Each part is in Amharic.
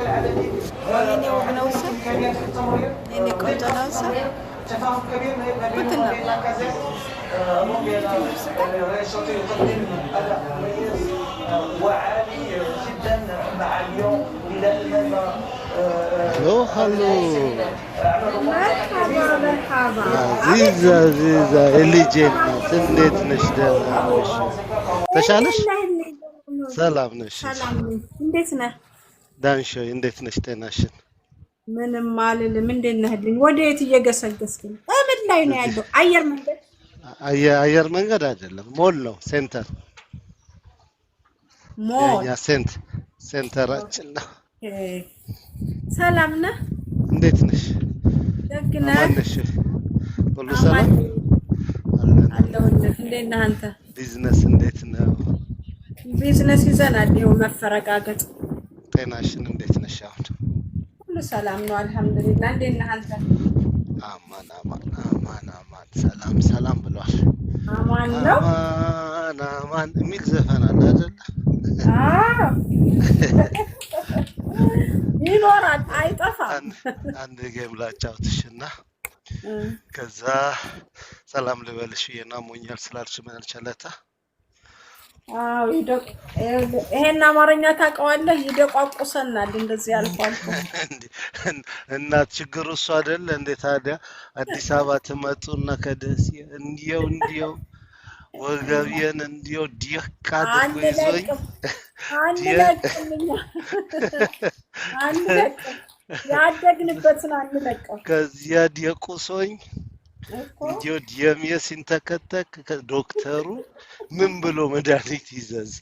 وهنا وحنوسة هنا كنت كنت وعالي جدا مع اليوم الى الان مرحبا مرحبا عزيزة عزيزة اللي جينا سنيت نشدنا فاش سلام نشي سلام نشي ዳንሽ እንዴት ነሽ? ጤናሽን? ምንም አልልም። እንዴት ነህልኝ? ወደ የት እየገሰገስክ ነው? ምን ላይ ነው ያለው? አየር መንገድ? አየር መንገድ አይደለም፣ ሞል ነው። ሴንተር ሞል፣ ሴንት ሴንተራችን ነው። ሰላም ነህ? እንዴት ነሽ? ደግ ነሽ? ሁሉ ሰላም አለሁልህ። እንዴት ነህ አንተ? ቢዝነስ እንዴት ነው? ቢዝነስ ይዘናል። ይኸው መፈረጋገጥ ጤናሽን እንዴት ነሽ? አሁን ሁሉ ሰላም ነው አልሐምዱሊላህ። እንዴት ነህ አንተ? አማን አማን አማን አማን ሰላም ሰላም ብሏል። አማን ነው አማን አማን የሚል ዘፈን አለ አይደለ? ይኖራል አይጠፋም። አንድ ጌም ላጫውትሽና ከዛ ሰላም ልበልሽ ብዬሽ ነው። ሞኛል ስላልሽ ምን አልቻለታ ይሄን አማርኛ ታውቀዋለህ? ይደቋቁሰናል። እንደዚህ ያልኳል እና ችግሩ እሱ አይደለ እንዴ? ታዲያ አዲስ አበባ ትመጡና ከደሴ እንዲው እንዲው ወገቤን እንዲው ዲካ አድርጎ ይዞኝ አንለቅም፣ ያደግንበትን አንለቅም። ከዚያ ዲቁሶኝ እንዲሁ ደሜ ሲንተከተክ ዶክተሩ ምን ብሎ መድኃኒት ይዘዝ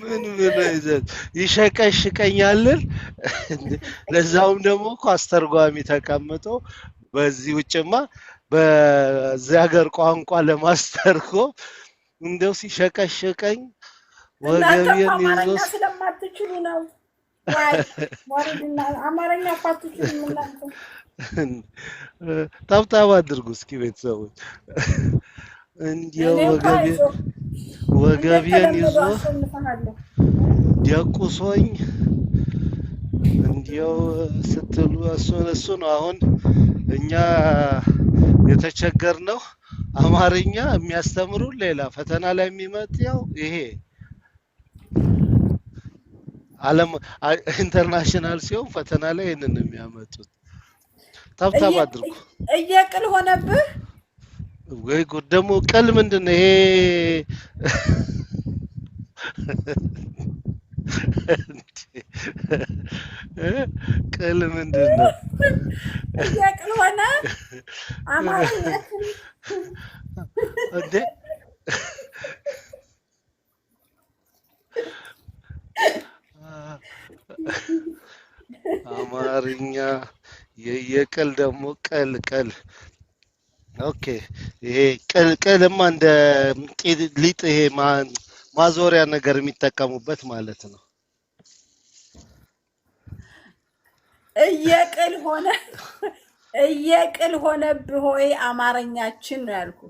ምን ብሎ ይዘዝ ይሸቀሽቀኛልን? ለዛውም ደግሞ እኮ አስተርጓሚ ተቀምጦ በዚህ ውጭማ በዚህ ሀገር ቋንቋ ለማስተርኮ እንደው ሲሸቀሽቀኝ ወገቤን ይዞ ስለማትችሉ ነው። አማርኛ አማርኛ ታብታብ አድርጉ እስኪ ቤተሰቦች። እንዲያው ወገቤን ይዞ ደቁሶኝ እንዲያው ስትሉ እሱን እሱ ነው አሁን እኛ የተቸገር ነው አማርኛ የሚያስተምሩ ሌላ፣ ፈተና ላይ የሚመጣው ይሄ ዓለም ኢንተርናሽናል ሲሆን ፈተና ላይ ይህንን የሚያመጡት ታብታብ አድርጉ። እየቅል ሆነብህ ወይ ጉድ! ደግሞ ቅል ምንድን ነው ይሄ? ቅል ምንድን ነው? እየቅል ሆነ አማርኛ አማርኛ የቅል ደግሞ ቀል ቀል ኦኬ ይሄ ቅል ቅልማ እንደ ሊጥ ይሄ ማዞሪያ ነገር የሚጠቀሙበት ማለት ነው። እየቅል ሆነ እየቅል ሆነ ሆይ አማርኛችን ነው ያልኩ።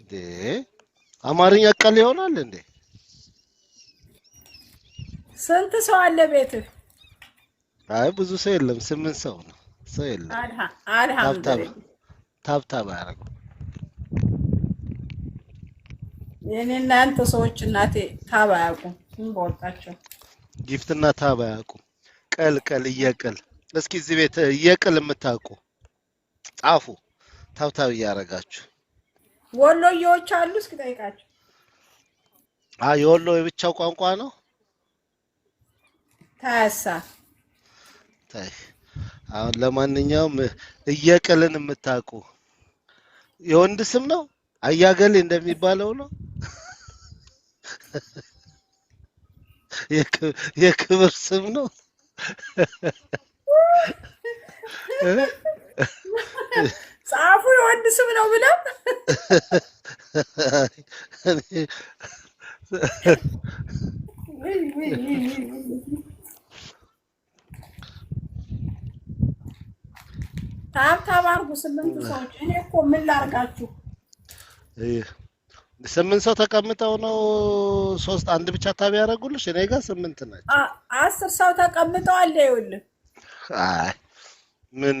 እንዴ አማርኛ ቀል ይሆናል እንዴ? ስንት ሰው አለ ቤትህ? አይ ብዙ ሰው የለም፣ ስምንት ሰው ነው። ሰው የለም። አልሐምዱሊላህ ታብታብ የኔ ሰዎች እናቴ ታብ አያውቁም። ምን በወጣቸው ታብ አያውቁም። ቀል ቀል እየቅል እስኪ እዚህ ቤት እየቅል የምታውቁ ጣፉ ታብታብ እያደረጋችሁ ወሎዬዎች አሉ። እስኪ ጠይቃቸው። የወሎ የብቻው ቋንቋ ነው ታያሳ አሁን ለማንኛውም እየቅልን የምታውቁ የወንድ ስም ነው፣ አያገሌ እንደሚባለው ነው። የክብር ስም ነው። ጻፉ የወንድ ስም ነው ብለው ታብታብ አድርጉ ስምንት ሰዎች። እኔ እኮ ምን ላድርጋችሁ? ስምንት ሰው ተቀምጠው ነው ሶስት አንድ ብቻ ታብ ያደርጉልሽ። እኔ ጋር ስምንት ናቸው። አስር ሰው ተቀምጠዋል። ይኸውልህ አይ ምን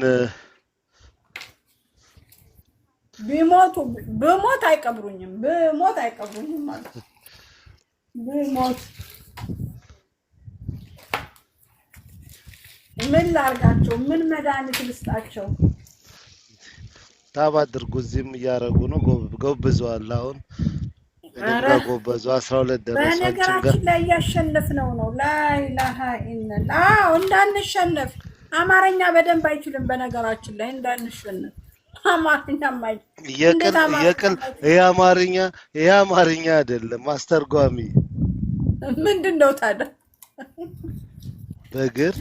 ቢሞቱ ብሞት አይቀብሩኝም። ብሞት አይቀብሩኝም ማለት ብሞት ምን ላርጋቸው? ምን መድኃኒት ልስጣቸው? ታባ አድርጉ። እዚህም እያደረጉ ነው። ጎብዘዋል። አሁን ጎበዙ። አስራ ሁለት ደረሰ። በነገራችን ላይ እያሸነፍነው ነው። ላይላሀ ኢነላ እንዳንሸነፍ አማርኛ በደንብ አይችልም። በነገራችን ላይ እንዳንሸነፍ አማርኛ ይህ አማርኛ አይደለም። አስተርጓሚ ምንድን ነው ታዲያ በግር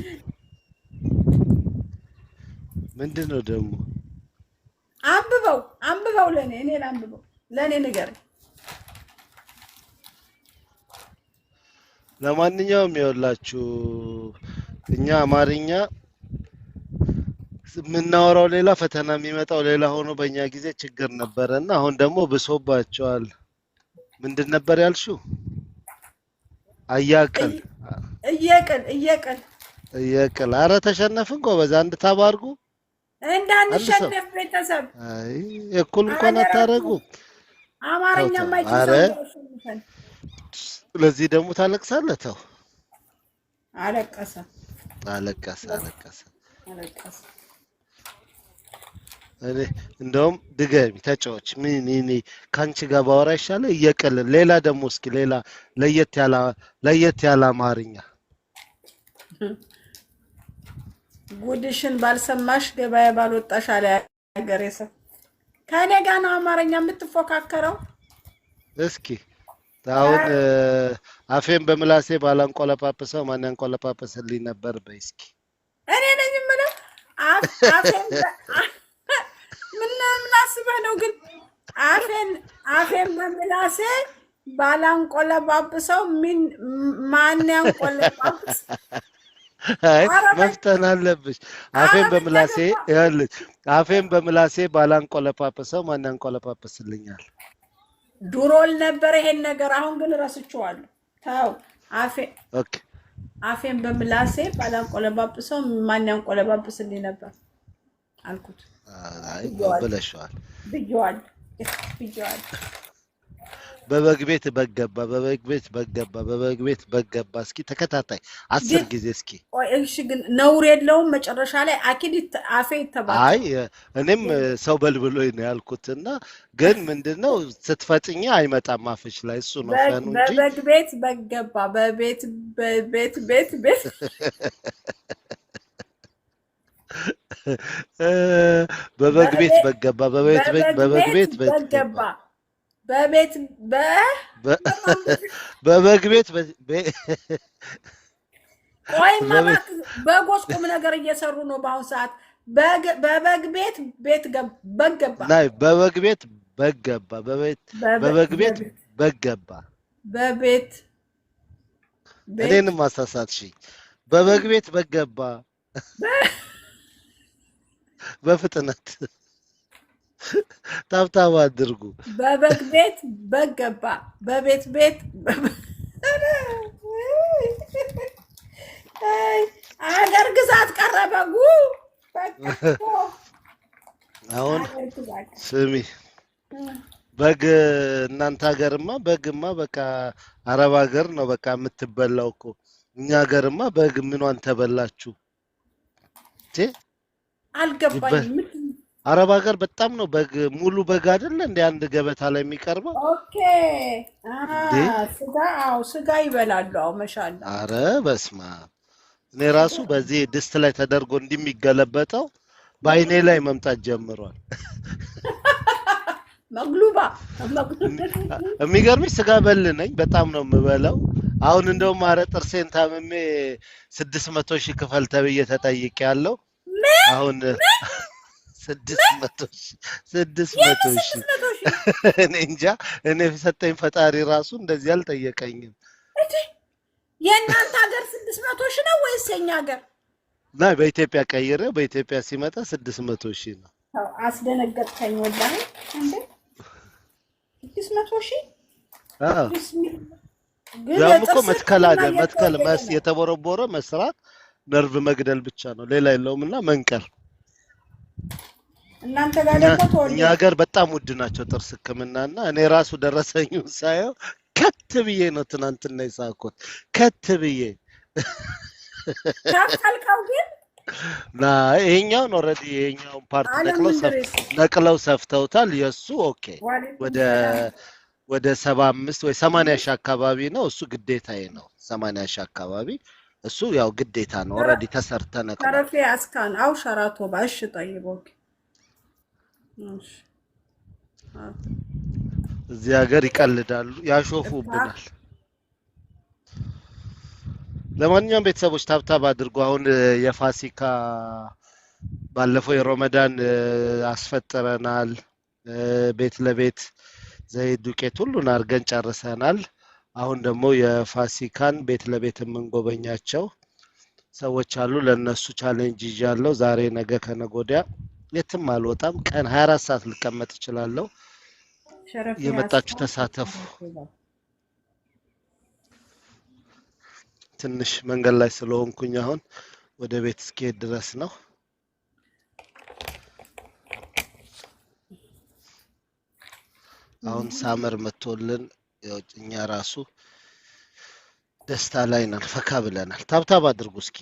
ምንድን ነው ደግሞ? አንብበው አንብበው፣ ለእኔ እኔን አንብበው፣ ለእኔ ንገር። ለማንኛውም ይኸውላችሁ እኛ አማርኛ የምናወራው ሌላ ፈተና የሚመጣው ሌላ ሆኖ በእኛ ጊዜ ችግር ነበረ እና አሁን ደግሞ ብሶባቸዋል። ምንድን ነበር ያልሽው? አያቅል እየቅል እየቅል እየቅል። አረ ተሸነፍን ጎበዝ፣ አንድ ታባርጉ እንዳንሸነፍ ቤተሰብ እኩል እንኳን አታደርጉ። አማርኛ ማይችል ደግሞ ተው አለቀሰ አለቀሰ አለቀሰ እኔ እንደውም ድገሚ ተጫዎች ምን እኔ ከአንቺ ጋር ባወራ እየቀለል ሌላ ደግሞ እስኪ ሌላ ለየት ያለ ለየት ያለ አማርኛ ጉድሽን ባልሰማሽ ገበያ ባልወጣሽ አለ ሀገሬ ሰው። ከእኔ ጋር ነው አማርኛ የምትፎካከረው። እስኪ አሁን አፌን በምላሴ ባላንቆለጳጵሰው ማን ያንቆለጳጵስልኝ ነበር? በይ እስኪ እኔ ነኝ የምለው። ምን አስበህ ነው ግን? አፌን በምላሴ ባላንቆለጳጵሰው ማን ያንቆለጳጵስ አይ መፍተን አለብሽ። አፌን በምላሴ ይኸውልሽ፣ አፌን በምላሴ ባላንቆለጳጵሰው ማን ያንቆለጳጵስልኛል? ድሮል ነበር ይሄን ነገር፣ አሁን ግን እረስቸዋለሁ። ተው አፌ ኦኬ። አፌን በምላሴ ባላን ባላንቆለጳጵሰው ማን ያንቆለጳጵስልኝ ነበር አልኩት። አይ ብለሽዋል፣ ብየዋል፣ ብየዋል በበግ ቤት በገባ በበግ ቤት በገባ በበግ ቤት በገባ። እስኪ ተከታታይ አስር ጊዜ እስኪ። እሺ ግን ነውር የለውም። መጨረሻ ላይ አኪድ አፌ ይተባል። አይ እኔም ሰው በልብሎ ነው ያልኩት እና ግን ምንድን ነው ስትፈጥኝ አይመጣም አፍሽ ላይ እሱ ነው ፈኑ እንጂ በበግ ቤት በገባ በቤት በቤት ቤት ቤት በበግ ቤት በገባ በቤት በበግ ቤት በገባ በቤት በበግ ቤት ወይም በጎች ቁም ነገር እየሰሩ ነው በአሁኑ ሰዓት። በበግ ቤት ቤት በገባ በበግ ቤት በገባ ገባ በበግ ቤት በገባ ገባ በቤት እኔንም አሳሳትሽኝ። በበግ ቤት በገባ በፍጥነት ታብታብ አድርጉ። በበግ ቤት በግ ገባ፣ በቤት ቤት አገር ግዛት ቀረ በጉ። አሁን ስሚ በግ እናንተ ሀገርማ በግማ በቃ አረብ ሀገር ነው በቃ የምትበላው እኮ። እኛ ሀገርማ በግ ምኗን ተበላችሁ? አልገባኝም። አረብ ሀገር በጣም ነው በግ ሙሉ በግ አይደለ እንደ አንድ ገበታ ላይ የሚቀርበው። ኦኬ ስጋ፣ አዎ ስጋ ይበላሉ። አዎ መሻል። አረ በስማ እኔ ራሱ በዚህ ድስት ላይ ተደርጎ እንደሚገለበጠው በአይኔ ላይ መምጣት ጀምሯል። መግሉባ የሚገርምሽ ስጋ በል ነኝ፣ በጣም ነው የምበላው። አሁን እንደውም አረ ጥርሴን ታምሜ ስድስት መቶ ሺህ ክፈል ተብዬ ተጠይቄ ያለው አሁን ስድስት መቶ ሺ እኔ እንጃ። እኔ ሰጠኝ ፈጣሪ ራሱ እንደዚህ አልጠየቀኝም። የእናንተ ሀገር ስድስት መቶ ሺ ነው ወይስ የኛ ሀገር? ና በኢትዮጵያ ቀይረ በኢትዮጵያ ሲመጣ ስድስት መቶ ሺ ነው። አስደነገጥከኝ። ወላ ስድስት መቶ ሺ ዛም እኮ መትከላገል መትከል የተቦረቦረ መስራት ነርቭ መግደል ብቻ ነው፣ ሌላ የለውም እና መንቀል እናንተ ጋር ደግሞ እኛ ሀገር በጣም ውድ ናቸው ጥርስ ሕክምናና እኔ ራሱ ደረሰኝ ሳየው ከት ብዬ ነው ትናንትና የሳኩት። ከት ብዬ ታልቀው ግን ና ይሄኛውን ኦልሬዲ ይሄኛውን ፓርት ነቅለው ሰፍተውታል። የእሱ ኦኬ ወደ ወደ ሰባ አምስት ወይ ሰማንያ ሺህ አካባቢ ነው እሱ ግዴታዬ ነው። ሰማንያ ሺህ አካባቢ እሱ ያው ግዴታ ነው። ኦልሬዲ ተሰርተነ ከረፊ አስካን አው ሸራቶ ባሽ ጠይቦ እዚህ ሀገር ይቀልዳሉ፣ ያሾፉብናል። ለማንኛውም ቤተሰቦች ታብታብ አድርጎ አሁን የፋሲካ ባለፈው የሮመዳን አስፈጥረናል። ቤት ለቤት ዘይት፣ ዱቄት ሁሉን አድርገን ጨርሰናል። አሁን ደግሞ የፋሲካን ቤት ለቤት የምንጎበኛቸው ሰዎች አሉ። ለእነሱ ቻሌንጅ ይዣለሁ። ዛሬ ነገ ከነጎዲያ የትም አልወጣም። ቀን 24 ሰዓት ልቀመጥ እችላለሁ። የመጣችሁ ተሳተፉ። ትንሽ መንገድ ላይ ስለሆንኩኝ አሁን ወደ ቤት እስኪሄድ ድረስ ነው። አሁን ሳመር መቶልን እኛ ራሱ ደስታ ላይ ነን። ፈካ ብለናል። ታብታብ አድርጉ እስኪ።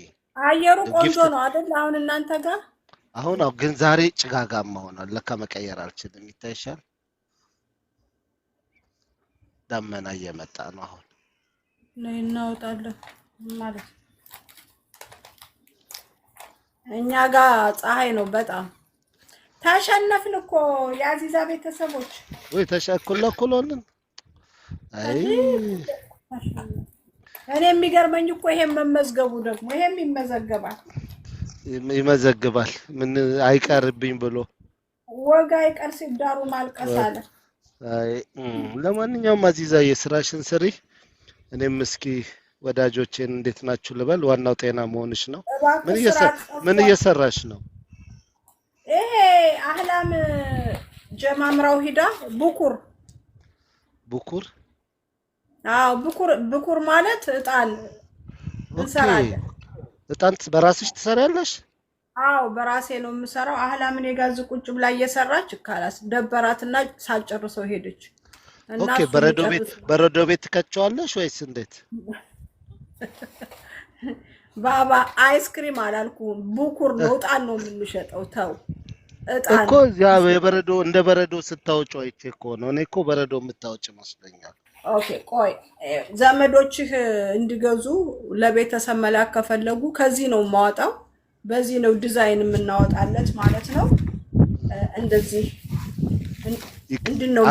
አየሩ ቆንጆ ነው አይደል? አሁን እናንተ ጋር አሁን አው ግን ዛሬ ጭጋጋማ ሆኗል። ለካ መቀየር አልችልም። ይታይሻል፣ ደመና እየመጣ ነው። አሁን ነው እናወጣለን ማለት እኛ ጋር ፀሐይ ነው በጣም ተሸነፍን እኮ የአዚዛ ቤተሰቦች ወይ ተሸኩል አይ እኔ የሚገርመኝ እኮ ይሄን መመዝገቡ ደግሞ ይሄም ይመዘገባል። ይመዘግባል። ምን አይቀርብኝ ብሎ ወጋ አይቀር ሲዳሩ ማልቀስ አለ። ለማንኛውም አዚዛ የስራሽን ስሪ። እኔም እስኪ ወዳጆቼን እንዴት ናችሁ ልበል። ዋናው ጤና መሆንሽ ነው። ምን እየሰራሽ ነው? ይሄ አህላም ጀማምራው ሂዳ ብኩር ብኩር፣ አዎ ብኩር፣ ብኩር ማለት እጣን እንሰራለን እጣን በራስሽ ትሰሪያለሽ? አዎ በራሴ ነው የምሰራው። አህላምን የጋዝ ቁጭ ብላ እየሰራች ካላስ ደበራትና ሳልጨርሰው ሄደች። ኦኬ በረዶ ቤት በረዶ ቤት ትከቸዋለሽ ወይስ እንዴት? ባባ አይስክሪም አላልኩም፣ ቡኩር ነው። እጣን ነው የምንሸጠው። ተው እጣን እኮ እዚያ የበረዶ እንደ በረዶ ስታወጪው አይቼ እኮ ነው። እኔ እኮ በረዶ የምታወጪ መስሎኛል። ኦኬ ቆይ ዘመዶችህ እንዲገዙ ለቤተሰብ መላክ ከፈለጉ ከዚህ ነው የማወጣው። በዚህ ነው ዲዛይን የምናወጣለት ማለት ነው። እንደዚህ እንድን ነው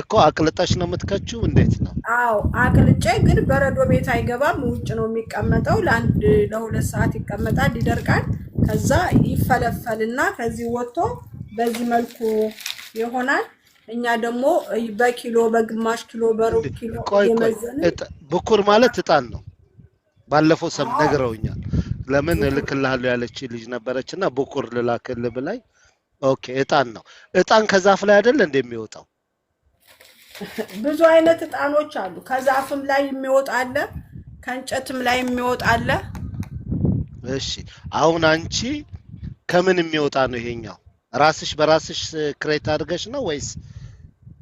እኮ አቅልጠሽ ነው የምትከችው። እንዴት ነው? አዎ አቅልጬ፣ ግን በረዶ ቤት አይገባም። ውጭ ነው የሚቀመጠው። ለአንድ ለሁለት ሰዓት ይቀመጣል፣ ይደርቃል። ከዛ ይፈለፈልና ከዚህ ወጥቶ በዚህ መልኩ ይሆናል። እኛ ደግሞ በኪሎ በግማሽ ኪሎ በሩብ ኪሎ ብኩር ማለት እጣን ነው። ባለፈው ሰም ነግረውኛል። ለምን እልክልሃለሁ ያለች ልጅ ነበረች እና ብኩር ልላክል ብላይ፣ ኦኬ እጣን ነው። እጣን ከዛፍ ላይ አይደለ እንደሚወጣው ብዙ አይነት እጣኖች አሉ። ከዛፍም ላይ የሚወጣ አለ፣ ከእንጨትም ላይ የሚወጣ አለ። እሺ አሁን አንቺ ከምን የሚወጣ ነው ይሄኛው? ራስሽ በራስሽ ክሬት አድርገሽ ነው ወይስ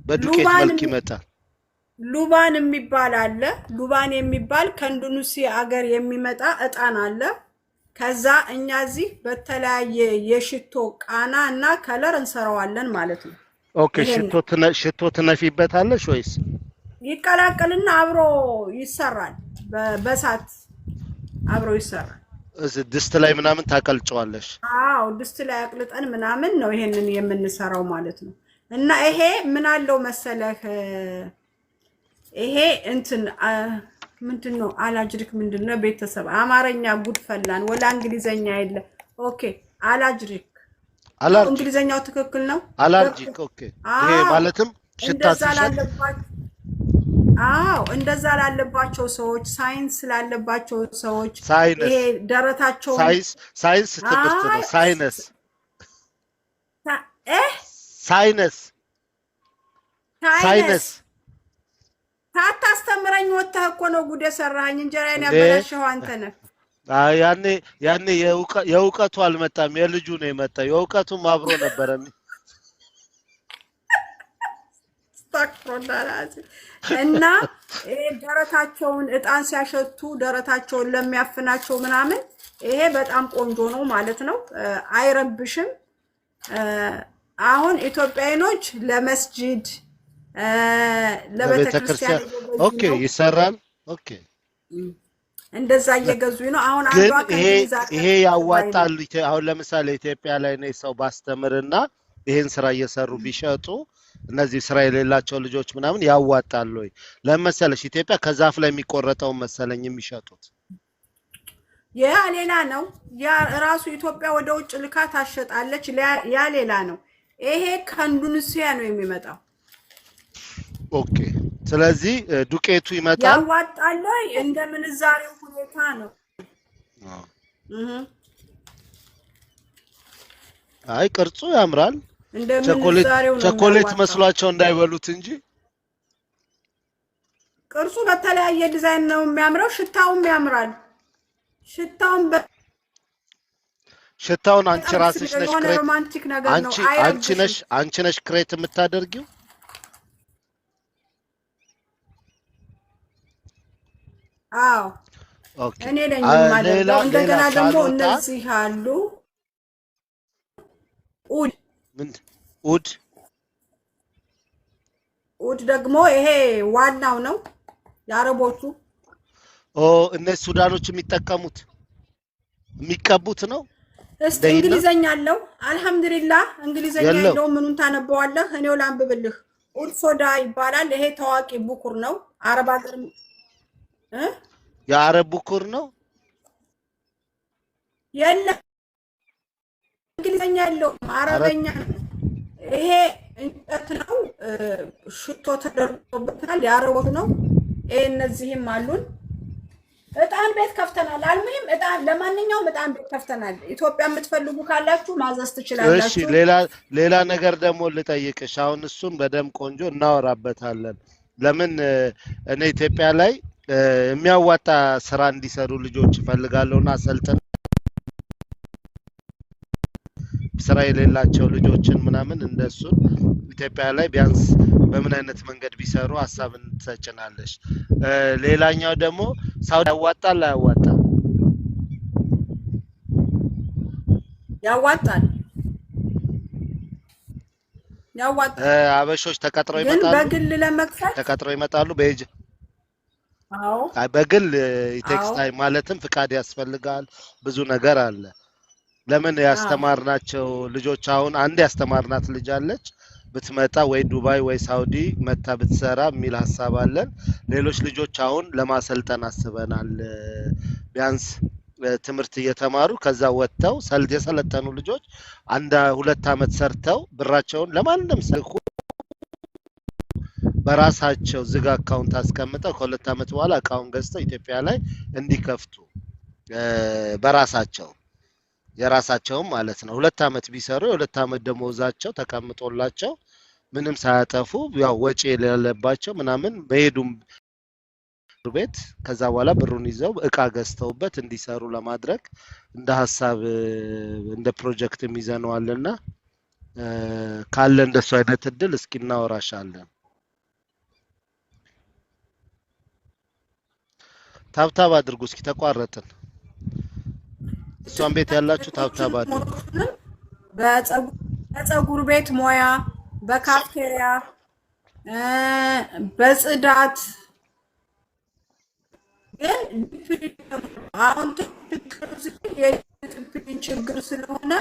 በዱቄት መልክ ይመጣል። ሉባን የሚባል አለ። ሉባን የሚባል ከእንዱኑሲ አገር የሚመጣ እጣን አለ። ከዛ እኛ እዚህ በተለያየ የሽቶ ቃና እና ከለር እንሰራዋለን ማለት ነው። ኦኬ ሽቶ ትነፊበታለሽ ወይስ ይቀላቀልና አብሮ ይሰራል? በሳት አብሮ ይሰራል። እዚ ድስት ላይ ምናምን ታቀልጨዋለሽ? አዎ ድስት ላይ አቅልጠን ምናምን ነው ይሄንን የምንሰራው ማለት ነው። እና ይሄ ምን አለው መሰለህ፣ ይሄ እንትን ምንድን ነው አላጅሪክ ምንድን ነው ቤተሰብ አማርኛ ጉድ ፈላን ወላ እንግሊዘኛ የለ። ኦኬ አላጅሪክ እንግሊዘኛው ትክክል ነው። አላጅሪክ ኦኬ። ይሄ ማለትም አዎ እንደዛ ላለባቸው ሰዎች ሳይንስ ላለባቸው ሰዎች ይሄ ደረታቸው ሳይንስ ትምህርት ነው ሳይነስ ሳይነስ ሳይነስ ታታስተምረኝ ወጥተህ እኮ ነው ጉድ የሰራኸኝ። እንጀራዬን ያበላሸው አንተ ነህ። ያኔ ያኔ የእውቀቱ አልመጣም የልጁ ነው የመጣ። የእውቀቱም አብሮ ነበረ። እና ደረታቸውን እጣን ሲያሸቱ ደረታቸውን ለሚያፍናቸው ምናምን ይሄ በጣም ቆንጆ ነው ማለት ነው። አይረብሽም። አሁን ኢትዮጵያኖች ለመስጂድ ለቤተክርስቲያን ኦኬ ይሰራል። ኦኬ እንደዛ እየገዙ ነው። አሁን ይሄ ያዋጣል። አሁን ለምሳሌ ኢትዮጵያ ላይ እኔ ሰው ባስተምርና ይሄን ስራ እየሰሩ ቢሸጡ እነዚህ ስራ የሌላቸው ልጆች ምናምን ያዋጣል ወይ? ለምን ኢትዮጵያ ከዛፍ ላይ የሚቆረጠውን መሰለኝ የሚሸጡት። ያ ሌላ ነው። ያ ራሱ ኢትዮጵያ ወደ ውጭ ልካ ታሸጣለች። ያ ሌላ ነው። ይሄ ከእንዱንስያ ነው የሚመጣው። ኦኬ። ስለዚህ ዱቄቱ ይመጣል። ያዋጣል። እንደ ምንዛሬው ሁኔታ ነው። አይ ቅርጹ ያምራል። ቸኮሌት መስሏቸው እንዳይበሉት እንጂ ቅርጹ በተለያየ ዲዛይን ነው የሚያምረው። ሽታውም ያምራል። ሽታውም ሽታውን አንቺ ራስሽ ነሽ ክሬት አንቺ አንቺ ነሽ አንቺ ነሽ ክሬት የምታደርጊው። አዎ ኦኬ። እኔ ነኝ የማደርገው። እንደገና ደግሞ እነዚህ አሉ። ኡድ ኡድ ኡድ ደግሞ ይሄ ዋናው ነው የአረቦቹ። ኦ እነ ሱዳኖች የሚጠቀሙት የሚቀቡት ነው። እስቲ እንግሊዘኛ አለው። አልሐምዱሊላ እንግሊዘኛ ያለው ምኑን ታነበዋለህ? እኔው ላንብብልህ። ኡልሶዳ ይባላል። ይሄ ታዋቂ ቡኩር ነው። አረብ ሀገር የአረብ ቡኩር ነው። የለ እንግሊዘኛ የለውም፣ አረበኛ ይሄ እንጨት ነው። ሽቶ ተደርጎበታል። የአረቦት ነው። ይሄ እነዚህም አሉን እጣን ቤት ከፍተናል። አልሙኒም እጣን ለማንኛውም እጣን ቤት ከፍተናል። ኢትዮጵያ የምትፈልጉ ካላችሁ ማዘዝ ትችላላችሁ። ሌላ ሌላ ነገር ደግሞ ልጠይቅሽ። አሁን እሱም በደም ቆንጆ እናወራበታለን። ለምን እኔ ኢትዮጵያ ላይ የሚያዋጣ ስራ እንዲሰሩ ልጆች እፈልጋለሁና አሰልጥን ስራ የሌላቸው ልጆችን ምናምን እንደሱ ኢትዮጵያ ላይ ቢያንስ በምን አይነት መንገድ ቢሰሩ ሀሳብን ትሰጭናለች። ሌላኛው ደግሞ ሳውዲ ያዋጣ ላ ያዋጣል። አበሾች ተቀጥረው ይመጣሉ፣ በግል ተቀጥረው ይመጣሉ። በጅ በግል ኢቴክስ ማለትም ፍቃድ ያስፈልጋል። ብዙ ነገር አለ። ለምን ያስተማርናቸው ልጆች አሁን አንድ ያስተማርናት ልጅ አለች ብትመጣ ወይ ዱባይ ወይ ሳውዲ መታ ብትሰራ የሚል ሀሳብ አለን። ሌሎች ልጆች አሁን ለማሰልጠን አስበናል። ቢያንስ ትምህርት እየተማሩ ከዛ ወጥተው የሰለጠኑ ልጆች አንድ ሁለት አመት ሰርተው ብራቸውን ለማንም ሰኩ በራሳቸው ዝግ አካውንት አስቀምጠው ከሁለት ዓመት በኋላ እቃውን ገዝተው ኢትዮጵያ ላይ እንዲከፍቱ በራሳቸው የራሳቸውም ማለት ነው። ሁለት ዓመት ቢሰሩ የሁለት ዓመት ደሞዛቸው ተቀምጦላቸው ምንም ሳያጠፉ ያው ወጪ የሌለባቸው ምናምን መሄዱም ቤት ከዛ በኋላ ብሩን ይዘው እቃ ገዝተውበት እንዲሰሩ ለማድረግ እንደ ሀሳብ እንደ ፕሮጀክት ይዘነዋልና ካለ እንደሱ አይነት እድል እስኪ እናወራሻለን። ታብታብ አድርጉ እስኪ ተቋረጥን። እሷን ቤት ያላችሁ ሀብታም በፀጉር ቤት ሙያ፣ በካፍቴሪያ፣ በጽዳት አሁን የድፍን ችግር ስለሆነ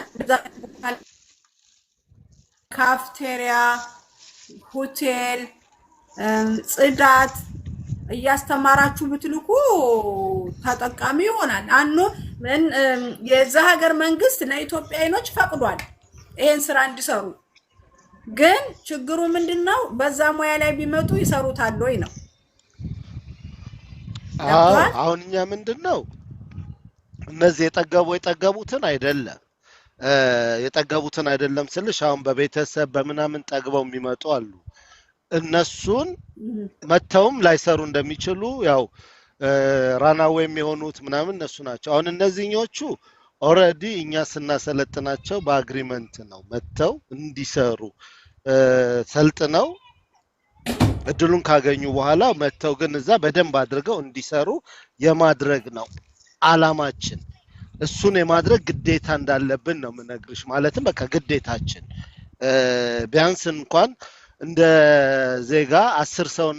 ካፍቴሪያ፣ ሆቴል፣ ጽዳት እያስተማራችሁ ብትልኩ ተጠቃሚ ይሆናል። አኖ የዛ ሀገር መንግስት አይኖች ፈቅዷል ይሄን ስራ እንዲሰሩ። ግን ችግሩ ምንድን ነው? በዛ ሙያ ላይ ቢመጡ ይሰሩታል ወይ ነው። አሁን እኛ ምንድን ነው እነዚህ የጠገቡ የጠገቡትን አይደለም የጠገቡትን አይደለም ስልሽ አሁን በቤተሰብ በምናምን ጠግበው የሚመጡ አሉ። እነሱን መተውም ላይሰሩ እንደሚችሉ ያው ራናዌ የሚሆኑት ምናምን እነሱ ናቸው። አሁን እነዚህኞቹ ኦልሬዲ እኛ ስናሰለጥናቸው በአግሪመንት ነው መጥተው እንዲሰሩ ሰልጥነው እድሉን ካገኙ በኋላ መጥተው ግን እዛ በደንብ አድርገው እንዲሰሩ የማድረግ ነው አላማችን። እሱን የማድረግ ግዴታ እንዳለብን ነው የምነግርሽ። ማለትም በቃ ግዴታችን ቢያንስ እንኳን እንደ ዜጋ አስር ሰው